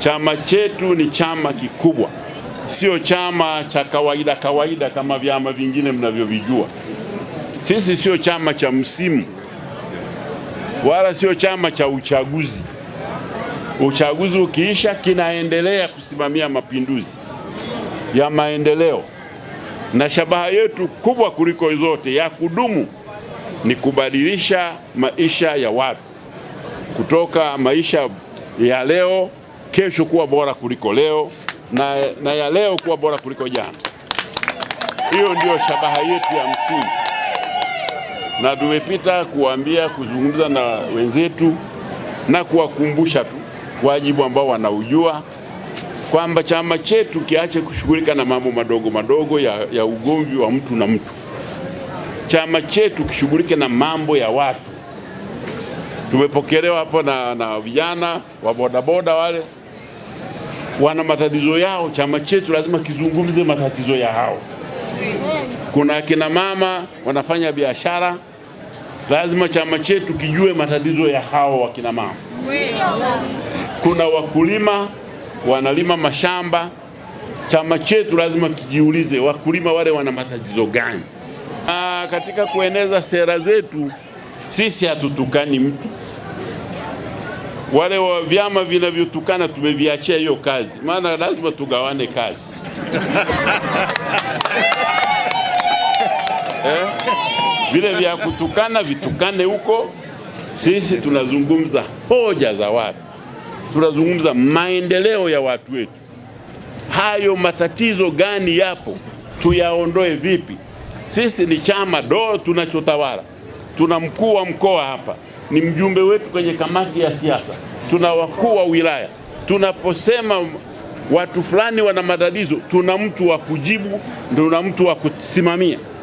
Chama chetu ni chama kikubwa, sio chama cha kawaida kawaida kama vyama vingine mnavyovijua. Sisi sio chama cha msimu wala sio chama cha uchaguzi. Uchaguzi ukiisha, kinaendelea kusimamia mapinduzi ya maendeleo, na shabaha yetu kubwa kuliko zote ya kudumu ni kubadilisha maisha ya watu kutoka maisha ya leo kesho kuwa bora kuliko leo na, na ya leo kuwa bora kuliko jana. Hiyo ndiyo shabaha yetu ya msingi, na tumepita kuambia, kuzungumza na wenzetu na kuwakumbusha tu wajibu ambao wanaujua kwamba chama chetu kiache kushughulika na mambo madogo madogo ya, ya ugomvi wa mtu na mtu. Chama chetu kishughulike na mambo ya watu. Tumepokelewa hapo na, na vijana wa bodaboda wale wana matatizo yao, chama chetu lazima kizungumze matatizo ya hao. Kuna akina mama wanafanya biashara, lazima chama chetu kijue matatizo ya hao wakina mama. Kuna wakulima wanalima mashamba, chama chetu lazima kijiulize wakulima wale wana matatizo gani? Aa, katika kueneza sera zetu sisi hatutukani mtu wale wa vyama vinavyotukana tumeviachia hiyo kazi, maana lazima tugawane kazi eh? Vile vya kutukana vitukane huko, sisi tunazungumza hoja za watu, tunazungumza maendeleo ya watu wetu. Hayo matatizo gani yapo, tuyaondoe vipi? Sisi ni chama doo tunachotawala, tuna mkuu wa mkoa hapa ni mjumbe wetu kwenye kamati ya siasa, tuna wakuu wa wilaya. Tunaposema watu fulani wana matatizo, tuna mtu wa kujibu, tuna mtu wa kusimamia.